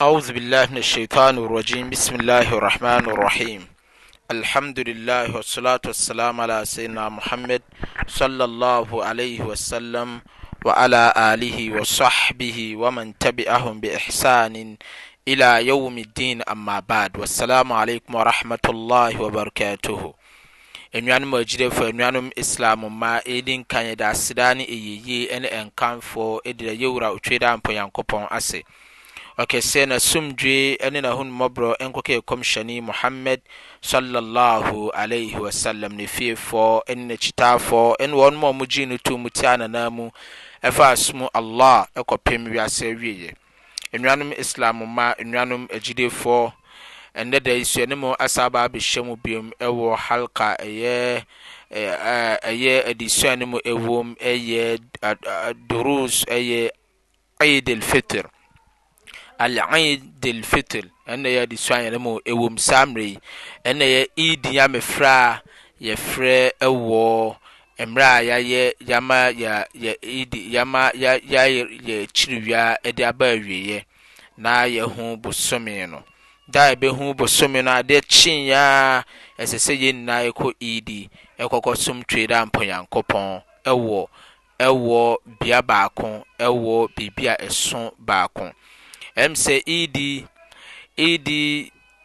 auzubilhi min shitan rajim bismilah rahman rahim alhadhwsasyidinamhamd wslamih wbihi wamantabiahum be hsanin ila yawm din amabad wssalamualaykum wrahmatllah wabarakatuhu nanom ajyidefo ananom islamu mma eninkan nyɛdaaseda ne ɛyeyi ne ŋkanfɔɔ edira yɛwura o tw da ampu nyankɔpɔn asɛ ksɛ nasomdwe ne nahonumɔborɔ nkɔ kɛ kɔm syane muhamad swsm ne fiefɔ ɛne na kyitaafɔ ne wɔnom mu gee no tu mu ti ananaa mu ɛfa som allah kɔ pem wiase wiei nnanom islam ma nnanom agidefɔ ɛnnɛ daisuane mu asababhyɛmu biom ɛwɔ halka ɛyɛ adisuano mu wom yɛ durus yɛ ed lfitir al-eid fitr ɛna yɛ de sua yɛn mu ɛwɔ mu saa mmerɛ yi ɛna yɛ eid yamefrɛ a yɛfrɛ ɛwɔ mmerɛ a yɛayɛ ya yɛ yɛ ya yama yɛ yɛ yɛ kyiriwia ɛde aba awieɛ na yɛho bosome no da yɛbɛhu bosome no adeɛ kyeeɛ a ɛsɛ sɛ yɛn nyinaa yɛkɔ idi ɛkɔkɔ som twe dɛ ampɔnyankopɔn ɛwɔ ɛwɔ bea baako ɛwɔ biribi a ɛso baako m sɛ ed ed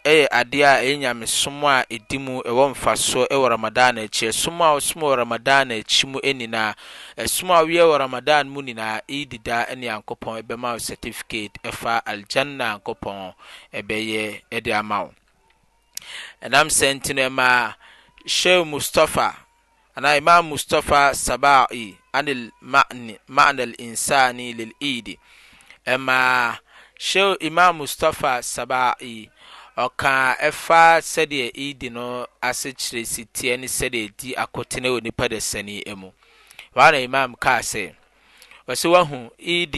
yɛ adeɛ a ɛyɛ nyamesom a ɛdi mu ɛwɔ mfa soɔ wɔ ramadhan akyi ɛsom a ɔsom wɔ ramadhan akyi mu aninaa ɛsom a wowiɛ wɔ ramadhan mu nyinaa edidaa ne yankopɔn bɛma wo certificate ɛfa aljanna yankopɔn bɛyɛ de ama wo ɛna s ntino ma shew mustapha ana imam mustapha sabai mane alinsani leledi ma sheikh imam mustapha saba'i ɔkaa ɛfa sɛdeɛ eid no asekyerɛ siteɛ ne sɛdeɛ di akɔtena wɔ nipa dasani mu wɔana imam kaa sɛ wɔsɛ wahu eid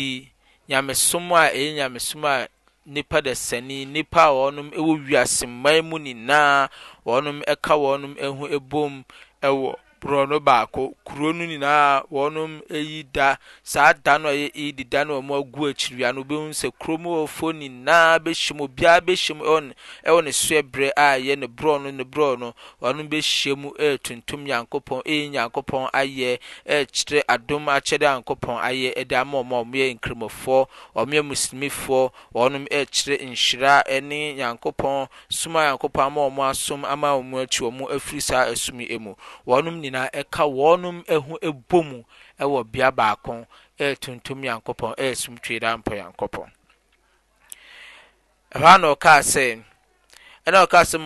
nyamesom a ɛyɛ nyamesom a nipa dasani nipa a wɔnom ɛwɔ wiaseman mu nyinaa wɔnom ɛka wɔnom ɛho ɛbom ɛwɔ borɔ no baako kuro no nyinaa wɔnom ayi da saa da no a ɛyɛ idi da no a wɔn agu akyiri a no bi sɛ kurom wɔfo nyinaa bɛhyɛ obiara bɛhyɛ ɛwɔ ne ɛwɔ ne soɛ berɛ a ɛyɛ ne borɔ no ne borɔ no wɔn bɛhyɛ mu ɛɛtuntum yankopɔn ɛyɛ yankopɔn ayɛ ɛɛkyerɛ adom akyɛdɛ yankopɔn ayɛ ɛde ama wɔn a wɔn yɛ nkramofoɔ wɔn yɛ muslimifoɔ wɔn ɛɛkyerɛ nhyira ɛne yankopɔn soma yankopɔn ama wɔn asom ama wɔn akyi wɔn afiri saa asum yi mu wɔn nyinaa nyinaa ɛka wɔnom ho bɔ mu wɔ bea baako ɛyɛ tuntum nyankopɔn ɛyɛ sumtwe dampɔ nyankopɔn ɛhɔ na ɔkaa sɛ ɛna ɔkaa sɛ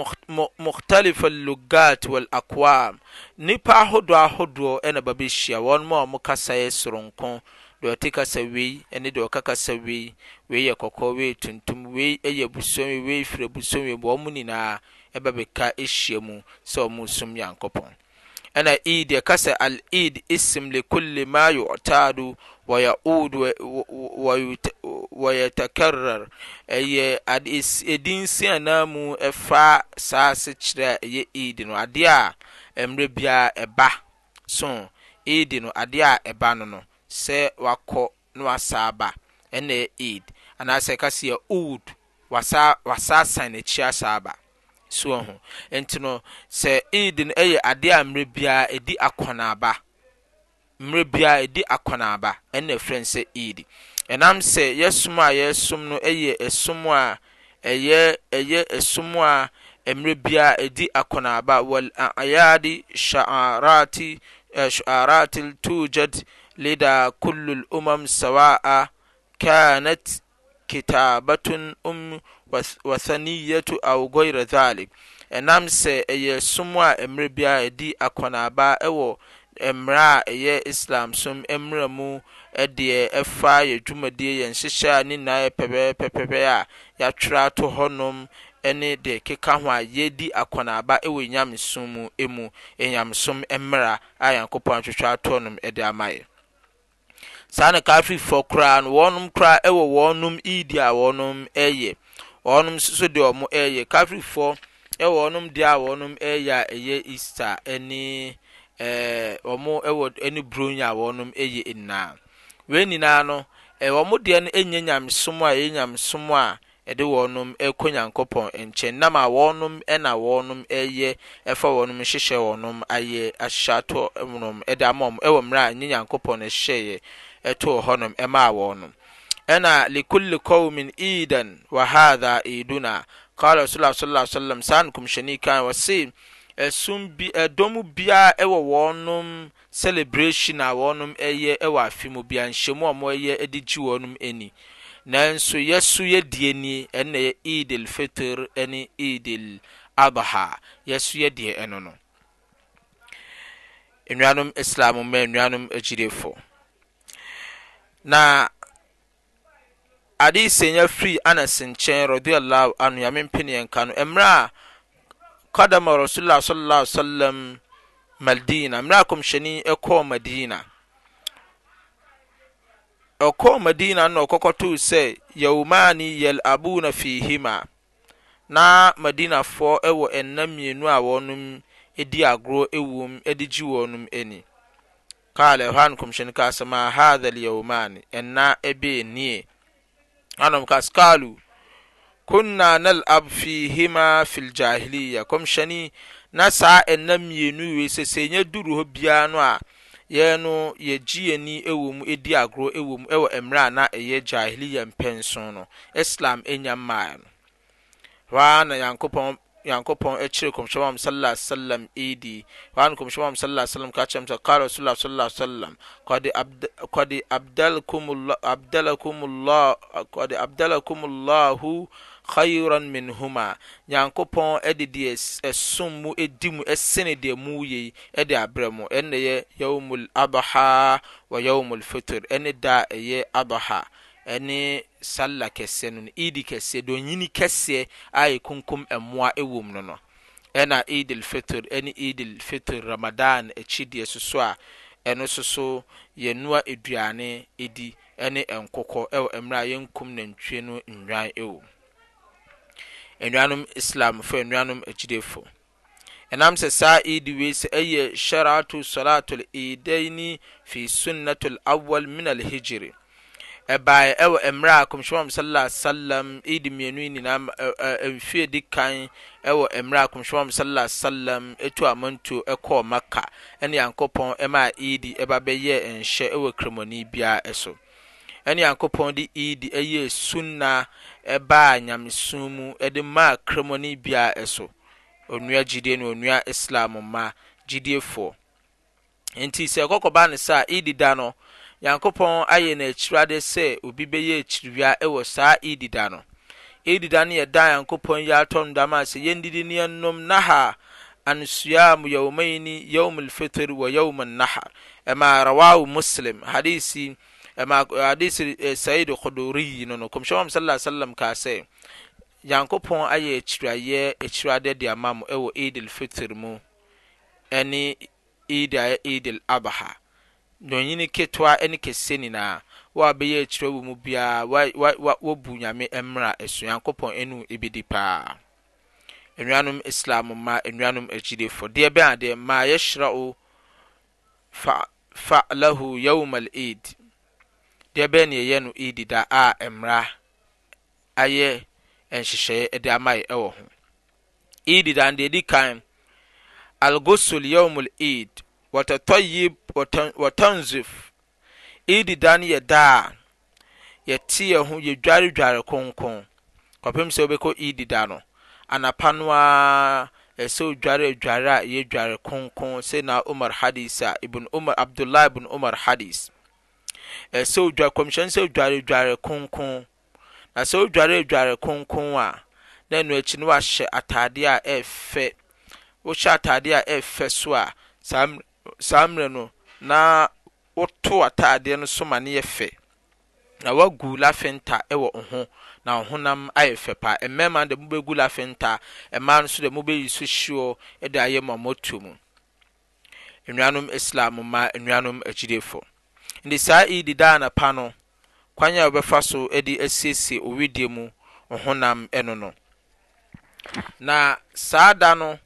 mukhtalifa lugat wal akwam nipa ahodoɔ ahodoɔ ɛna ba bɛhyia wɔnom a ɔmo kasa yɛ soronko deɛ ɔte kasa wei ɛne deɛ ɔka kasa wei wei yɛ kɔkɔɔ wei tuntum wei ɛyɛ busom wei firi busom wei mu- nyinaa ɛba bɛka ahyia mu sɛ ɔmo som nyankopɔn ɛna eid yɛka sɛ al eid isim le kulli ma yu'tadu wa ya'ud wa yatakarrar ɛyɛ ɛdin sianaa mu ɛfa saa se kyerɛ a ɛyɛ eid no adeɛ a mmerɛ biara ɛba so eid no adeɛ a ɛba no no sɛ wakɔ na wasaa ba ɛna eid anaasɛ ɛka sɛ yɛ oud wasaa wasaa san n'akyi asaa ba soɔ ho nti no sɛ eid no yɛ adeɛ a mmerɛ biara ɛdi akɔnaaba mmerɛ biara ɛdi akɔnaaba ɛna ɛfrɛ sɛ eid ɛnam sɛ yɛsom a yɛsom no yɛ ɛsom a ɛyɛ ɛyɛ ɛsom a mmerɛ biara ɛdi akɔnaaba wɔl ayadi sha'arati eh, sha'arati tujad leda kullu umam sawa'a kanat kitabatun um wasaniyatu aw ghayra zalik ɛnam sɛ ɛyɛ sum a mmerɛ bia edi akɔnaba ɛwɔ mmerɛ a ɛyɛ islam sum mmerɛ mu ɛdeɛ ɛfa yɛ dwumadie yɛn nhyehyɛ a ne nyinaa yɛ pɛpɛɛpɛpɛ a yɛatwerɛ ato hɔnom ɛne deɛ keka ho a yɛdi akɔnaba ɛwɔ nyamesom mu ɛmu nyamesom mmerɛ a nyankopɔn atwitwa ato nom ɛde ama yɛ saa na kafirifoɔ koraa no wɔnom koraa ɛwɔ wɔnom idi a wɔnom ɛyɛ wɔnom nso deɛ wɔn ɛyɛ kafirifoɔ ɛwɔ wɔnom deɛ a wɔnom ɛyɛ a ɛyɛ easter ɛne ɛɛ wɔn ɛwɔ ɛne broni a wɔnom ɛyɛ nyinaa wɔn nyinaa no ɛɛ wɔn deɛ no ɛnyɛ a ɛyɛ nyamesom a ɛde wɔnom ɛkɔ nyankopɔn nkyɛn nam a ɛna wɔnom ɛtoɔ hɔ nom ɛmaa wɔ no ɛna lekule cowmen edan wahatha eduna kale rsuula sal salm saa nkɔmhyɛnei kan wɔ se ɛdɔm biaa ɛwɔ wɔnom celebration a wɔnom ɛyɛ ɛwɔ afe mu bia nhyiɛm a mo ɛyɛ de gyi wɔ nom ani nanso yɛso yɛdiɛ ni ɛnnaɛ edlfitir ne edladha yɛs deɛɛno nnaisam nagif na ade senya firi ana nkyɛn radiyallahu anhu yame mpene yɛn ka no mmerɛ a kadama rasulullah sallallahu alaihi wasallam madina mmerɛ a kɔmhyɛni ɛkɔɔ madina ɔkɔɔ madina na ɔkɔkɔtoo sɛ yawmani yalabuna fihima na madinafoɔ ɛwɔ ɛnna mmienu a wɔnom edi agorɔ ɛwom ɛde gye wɔnom ani ahɔ an kɔmhyɛne cas maa hathe lyoumane ɛna bɛni han caskalo kunna nalab fi hema fi l jaheliia kɔmhyɛni na saa ɛnna mmienu wei sɛ sɛ ya duro hɔ biara no a yɛ no yɛgyi ani ɛwɔmu di agorɔ ɛwɔ mu ɛwɔ mmerɛ aana ɛyɛ jaheliya mpɛnson no islam nyammaɛ no hɔ ar na yankopɔn nyankopɔn ɛkyire kɔmhyom ham sallah salam edi haan kɔmswom am sla salam ka kyerɛ me sɛ kale rasulllai slla salam kod abdalakom llahu hairan minhoma nyankopɔn ɛdedeɛ ɛsom mu ɛdi mu ɛsene deɛ mu yei ɛde aberɛ mu ɛn nɛ yɛ yawm aladha wa yowm alfitir ɛne daa ɛyɛ adha ɛne salla kɛseɛ no no edi kɛseɛ doyini kɛseɛ a yɛkonkom ɛmmoa ɛwom no no ɛna ed l phitr ɛne eid lhitir ramadan akyideɛ soso a ɛno soso yɛnoa eduane ɛdi ɛne ɛnkɔkɔ ɛwɔ mmerɛ yɛnkum nantwre no nnwan womnanm islamfonanm agyidef ɛnam sɛ saa ed wei sɛ ɛyɛ sharato solatu aleidaini fi sunnat lawal min alhigiri ɛbaeɛ ɛwɔ mmerɛ a kɔmhyɛm sallallahu alaihi wasallam idi mmienu yi nyinaa mfie di kan ɛwɔ mmerɛ a kɔmhyɛm sallallahu alaihi sallam etu amantu ɛkɔɔ maka ɛne yankɔpɔn ɛmaa idi ɛba bɛyɛ nhyɛ ɛwɔ kremoni biara ɛso ɛne yankɔpɔn de idi ɛyɛ sunna ɛbaa nyamesun mu ɛde maa kremoni biara ɛso onua gyidie ne onua islam ma gyidiefoɔ nti sɛ ɛkɔkɔba ne saa idi da no nyankopɔn ayɛ n'akyirade sɛ obi bɛyɛ akyiriwia wɔ saa idida no idida no yɛda nyankopɔn yɛ atɔ no dama sɛ yɛndidi ne yɛnnom naha yi ni yawmul fitr wa yawmun nahar ɛma rawahu muslim hadisi ɛma hadisi eh, sa'id khuduri no no kɔmhyɛn sallallahu alaihi ka sɛ nyankopɔn ayɛ akyirayɛ akyirade de ama mo ɛwɔ idil fitr mu ɛne idil idil abaha dɔnyini ketewa ne kɛse nyinaa wɔ a bɛyɛ akyerɛ wɔ mu biara wɔbu nyame mmra asuankopɔn ɛnu ebidi paa nnuanom islam ma nnuanom agyidefo deɛ bɛn a deɛ yɛhyerɛ o fa fa lahu yawmal eid deɛ bɛn na yɛyɛ no eid da a mmra ayɛ nhyehyɛeɛ de ama yɛ ɛwɔ ho eid da deɛ di kan algosul yawmal eid wtbwtns edida no yɛ daa yɛteɛ ho yɛdware dware konkon ɔpe sɛ wobɛkɔ edida no anapa no aa ɛsɛ o dware adware a yɛ dware konkon sena omar hadis a abdulah ibn omar hadis ɛsɛakomhyɛn sɛ dwaredware konkon nasɛ wo dware adware konkon a na ɛnu akyi ne wahyɛ atadeɛf wohyɛ atadeɛ a ɛɛfɛ e so as saa mmerɛ no na woto ataadeɛ no so ma no yɛ fɛ na woagu lafenta wɔ wo ho na wo honam ayɛ fɛ paa mmarima no de mobɛgu lafenta mmaa no so de mobɛyi so hyiɔ de ayɛ ma mmɔto mu nnuanom islam ma nnuanom agyidefo nti saa idi daa na pa no kwan a wɔbɛfa so de asiesie owidie mu honam no no na saa da no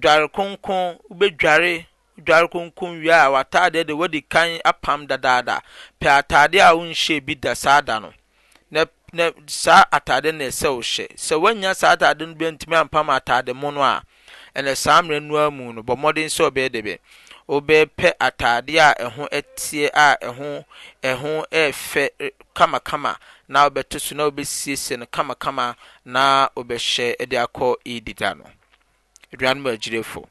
dware kronkron wobɛdware dware kronkron wie a w'ataadeɛ de wadi kan apam dadaada pɛ ataadeɛ a wonhyɛ bi da saa da no na na saa ataade na ɛsɛ hyɛ sɛ woanya saa ataade no bi ntumi ampam ataade mu no a ɛnɛ saa mmerɛ no mu no bɔ mmɔden sɛ ɔbɛyɛ de bɛ wobɛpɛ ataadeɛ a ɛho ɛteɛ a ɛho ɛho ɛɛfɛ eh, kamakama na wobɛto so na wobɛsiesie no kamakama na wobɛhyɛ de akɔ idida no dmgyirfma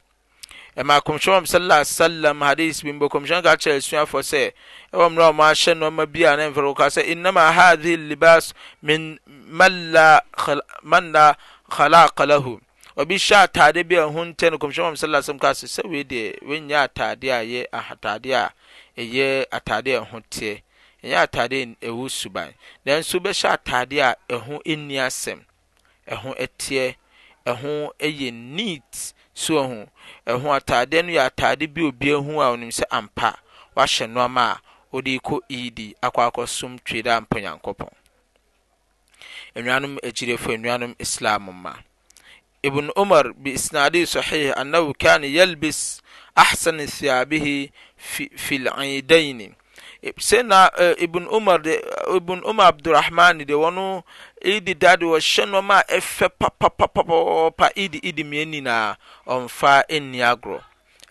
komsyɛ am sala salam hadis bi bo komsyɛka kyerɛ asuafɔ sɛ wɔ mmerɛ ma ahyɛ no ɔma bia na mfkɔ a sɛ innama hathei libas min man la kalakalaho ɔbi hyɛ atade biaɛho ntɛno komsyɛ sslm kase sɛwei deɛ wnya ataee tade ɛhoteɛ y tade ɛwɔsuban nanso bɛhyɛ atade a ɛho ni sɛm ho tiɛ ɛho ɛyɛ net soahu ɛho atadeɛ no yɛ atade bi obia hu a onim sɛ ampa wahyɛ nnoamaa wode rkɔ edi akɔakɔ som twde ampa nyankɔpɔnnuagifnanm islam ma ibn umar biisnadii sɔhi anaho kana yalbis ahsan tsiabihi fi liidaineibn eh, mar abdurahman de eh, idi daade wɔhyɛ nneɛma a ɛfɛ papapapapa idi idi mmienu nyinaa ɔnfa nni agorɔ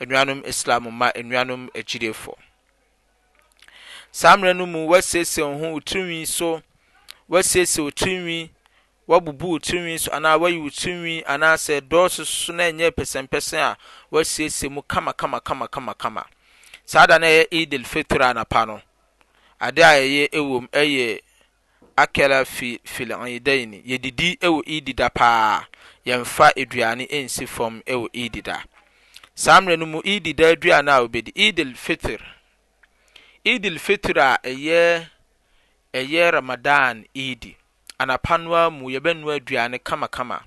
nnuanom islam ma nnuanom agyirefo saa mmerɛ no mu wɔasiesie wɔn ho tirinwi so wɔasiesie wɔn tirinwi wɔbubu wɔn tirinwi so anaa wɔayi wɔn tirinwi anaasɛ dɔɔso so na ɛnyɛ pɛsɛmpɛsɛn a wɔasiesie mu kama saa da no ɛyɛ idil fitr anapa no ade a ɛyɛ ɛwɔ mu ɛyɛ akala fi filɛɛdaini yɛdidi ɛwɔ idida paa yɛmfa aduane nsi fam ɛwɔ idida saa mmerɛ no mu idida aduane a wobɛdi idil fitr idil fitr a ɛyɛ ɛyɛ ramadan idi anapa noa mu yɛbɛnoa aduane kamakama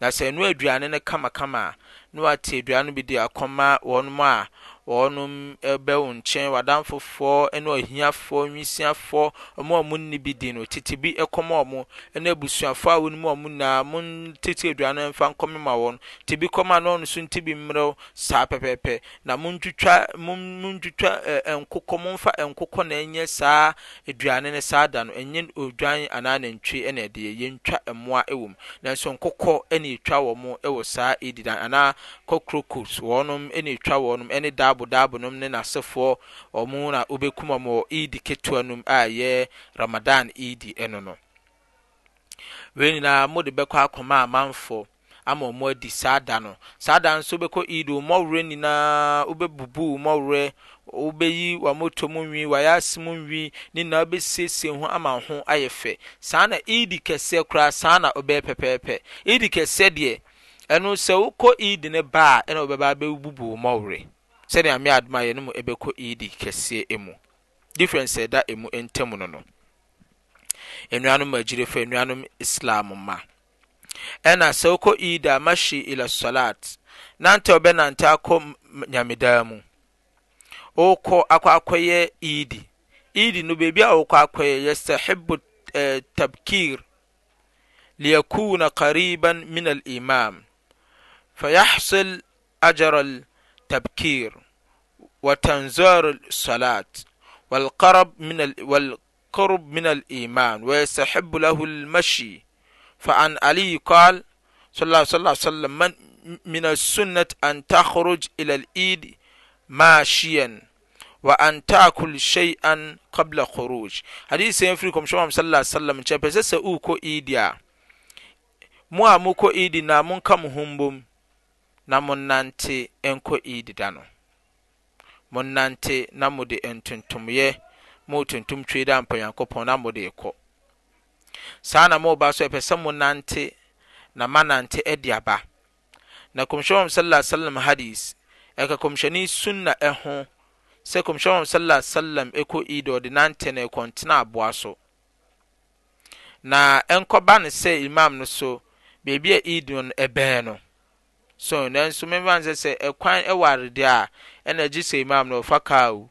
na sɛ ɛnoa aduane no kamakama a na wate aduane bi de akɔma wɔn a wɔnom ɛbɛ wo nkyɛn wadamfofoɔ ɛna ɔhiafoɔ nwisiafoɔ ɔmo a munni bi di no tete bi ɛkɔma ɔmo ɛne abusuafoɔ a wɔn mu ɔmo nyinaa mo ntete aduane mfa nkɔmema wɔn te bi kɔma na ɔno bi mmerɛw saa pɛpɛɛpɛ na mo ntwitwa mo mo ntwitwa ɛɛ nkokɔ mo mfa nkokɔ na ɛnyɛ saa aduane ne saa da no ɛnyɛ aduane anaa nantwie ɛna ɛdeɛ yɛntwa mmoa ɛwɔ mu nanso nkokɔ ɛna etwa wɔn ɛwɔ saa daabodaabo nom ne n'asefoɔ ɔmo na obekum ɔmo wɔ eid ketewa nom a yɛ ramadan eid ɛno no wei nyinaa mo de bɛkɔ akɔma amanfoɔ ama ɔmo adi saa da no saa da nso bɛkɔ eid ɔmɔwerɛ nyinaa wobɛbubu ɔmɔwerɛ wobɛyi wɔmoto mu nwi wɔayɛ ase mu nwi ne nyinaa wobɛsiesie ho ama ho ayɛ fɛ saa na eid kɛseɛ koraa saa na ɔbɛyɛ pɛpɛɛpɛ eid kɛseɛ deɛ ɛno sɛ wokɔ eid ne ba a ɛna wobɛba bɛbubu ɔmɔwerɛ seneamdma ynm bɛkɔ edi kas mu differense eda mu entmu nɔn nanuajirefa nwanu islam ma ɛnasɛko edi amashi ilasalat nanta bɛnant ak yamdamu k ak akɔɛ edi edi n bebiakɔ akɔɛ yastahbu eh, tabkir leyakuna qariban min alimam fayahsl ajrtabkir وتنزار الصلاة والقرب من ال... والقرب من الإيمان ويستحب له المشي فعن علي قال صلى الله صلى عليه وسلم من من السنة أن تخرج إلى الإيد ماشيا وأن تأكل شيئا قبل خروج حديث يفريكم شوام صلى الله عليه وسلم nkyɛn pɛ sɛ sɛ uukɔ iidi a mo a mokɔ iidi na monka mo ho mbom na monnante nkɔ iidi da no monante na mode ntontomeɛ ma tontom tw da ampa nyankopɔn namodekɔ saa na moɔba so ɛpɛ sɛ mo nante na m'a nante di aba na kɔmyɛ mam sala salm hadis ɛka kɔmhyɛne su n na ɛho sɛ kɔmhyɛ mam salasalm ɛkɔ ed ode nantɛ no ɛkɔntena aboa so na ɛnkɔ ba no sɛ imam no so biribi a edon ɛbɛɛ no so nanso mema nsɛ sɛ ɛkwan ɛwɔ adeɛ a ɛna gye sɛ imam na ɔfa kaa o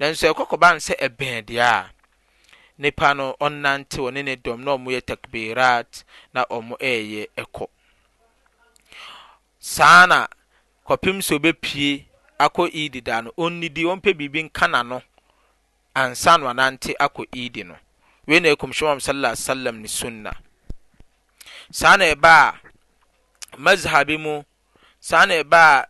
nanso ɛkɔkɔba nsɛ ɛbɛn deɛ a nipa no ɔnante wɔ ne ne dɔm na ɔmo yɛ takbirat na ɔmo ɛɛyɛ ɛkɔ saa na kɔpem sɛ obɛpie akɔ idi da no onnidi ɔmpɛ biribi nka n'ano ansa no anante akɔ idi no wei na ɛkɔmhyɛ mam sallallahu alaihi wasallam ne sunna saa na ɛbaa mashabi mu saa nɛ ba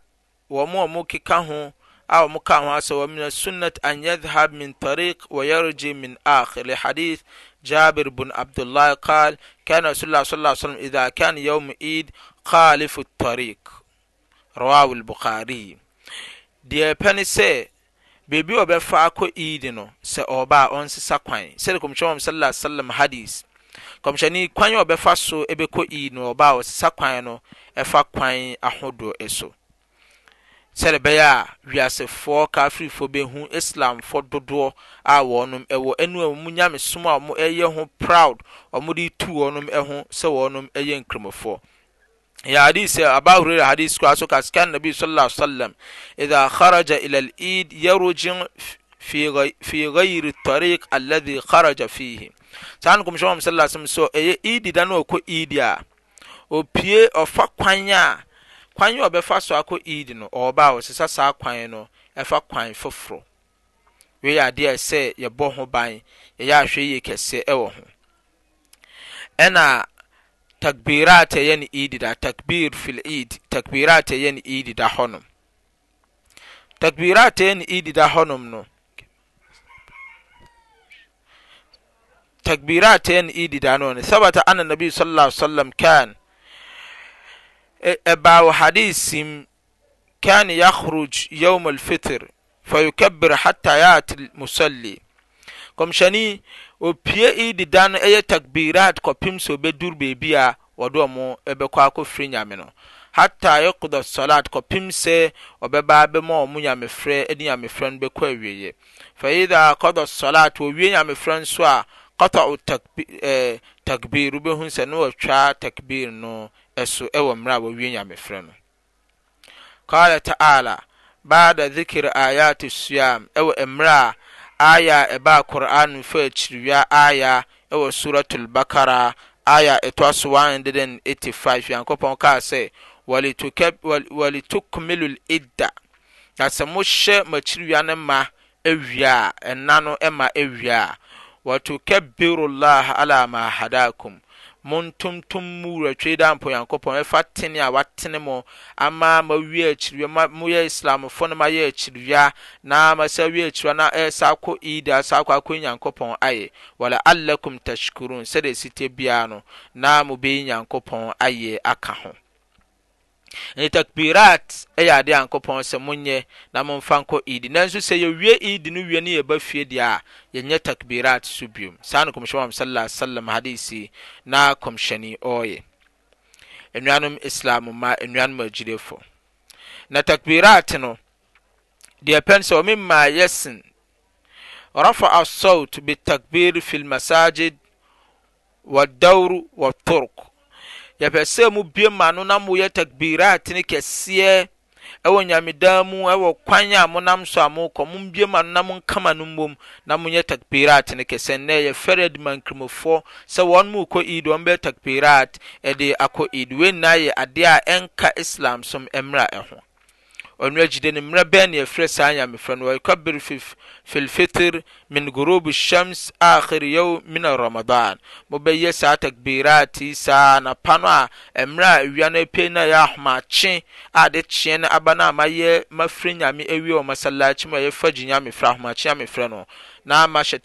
wɔmwm ke ka o a wɔ m ka o asɛ wɔ min asunat an yadhab min tark wɔyarji min aer lhadits jaber bun abdlah ka kansuam i kan ym ed kaf trk bar deɛ pɛne sɛ bibi ɔbɛ faa kɔ edi no sɛ ɔba ɔnsisa kwa sdkm s m hadis kɔmhyɛni kwan a ɔbɛfa so ɛbɛkɔ iyi no ɔbaa ɔsesa kwan no ɛfa kwan ahodoɔ so sɛde bɛyɛ a wiasefoɔ kafirifoɔ bɛhu islamfoɔ dodoɔ a wɔnom ɛwɔ ɛnu a wɔn nyamesom a wɔn ɛyɛ ho proud wɔn de tu wɔnom ɛho sɛ wɔnom ɛyɛ nkramofoɔ يا حديث أبا hadis حديث كاسو كاس كان النبي صلى الله عليه وسلم إذا خرج إلى الإيد يرجع في غير الطريق الذي خرج فيه saa nkɔmhyɛ wɔn sɛlɛ asɛm so ɛyɛ idi da na ɔkɔ idi a opie ɔfa kwan a kwan a ɔbɛfa so akɔ idi no ɔɔba a ɔsesa saa kwan no ɛfa kwan foforɔ wei yɛ adeɛ sɛ yɛbɔ ho ban yɛyɛ ahwɛ yie kɛseɛ ɛwɔ ho ɛna takbirat ɛyɛ no idi da takbir fil id takbirat ɛyɛ no idi da hɔnom takbirat ɛyɛ no idi da hɔnom no E, e e takbirat yɛn edi dan n tsabata an nabi sm kan ba hade sim kan yahroj youm alfitir fa ukabir hata yat musli yɛniopue edidano yɛ takbirat kɔpem sɛ obɛdur bebia dmkɔkɔ fr nyame n hata yakodɔ salat kɔpem sɛ ɔɛmam nyaf nyamfr n kɔawi faitha d slat wi nyame frɛ n so a kata'u takbir eh, takbir wobɛhu sɛ na wɔtwa takbir no ɛwɔ mmerɛ a wɔwie nyamefrɛ no kala ta'ala bada dhikr ayat siyam ɛwɔ mmerɛ a aya ɛba qur'an fa akyiriwia aya ɛwɔ suratul bakara aya ɛtɔ so 185 yankopɔn kaa sɛ walitukmilu lidda na sɛ mohyɛ makyiriwia no ma awia a ɛna awia wato llah ala ma hadakum mun tuntum mu retwe da mpo yankopɔn ɛfa tene a watene mo ama ma wie akyiri ma mo yɛ islamfo no ma yɛ akyiri na ma sɛ wie akyiri na ɛ eh, sa kɔ ida sa kɔ akɔ yankopɔn ayɛ wala allakum tashkurun sɛ de site bia no na mo bɛ yankopɔn ayɛ aka ho ɛnɛ takbirat ɛyɛ adeɛ yankopɔn sɛ monyɛ na momfa nkɔ edi nanso sɛ yɛwie edi no wie ne yɛba fie deɛ a yɛnyɛ takbirat so biom saa ne kɔmhyɛ a sala salam hadesi na kɔmhyɛni ɔyɛ nuanom islam ma nanom agidefɔ na takbirat no deɛ pɛ n sɛ ɔme maa yɛsen rafaa sout bitakbire fi l massagid wdauru wtork yɛpɛ sɛ mu bie ma no na moyɛ takbirat ne kɛseɛ ɛwɔ nyamedan mu ɛwɔ kwan a monam so a mokɔ mombie ma no na monkama no mmom na monyɛ takbirat ne kɛsɛ nnɛ yɛfɛre de ma nkurumɔfoɔ sɛ wɔn mu kɔ eid wɔn bɛyɛ takbirat ɛde akɔ eid wei nyinaa yɛ adeɛ a ɛnka islam som ɛmmra ɛho ɔnagide ne mmerɛ bɛnneafrɛ saa nyame frɛ no wɔ kabir fi lfitir min gurube shams ahir yowm min aramadan mo bɛyɛ saa takbirati saa napa no a merɛ a awia no ape no yɛ ahomakye ade kyeɛ no aba no mayɛ mafrɛ nyame awie wɔ masalakhim ayɛfa ginyame frɛ ahomakyename frɛ no naay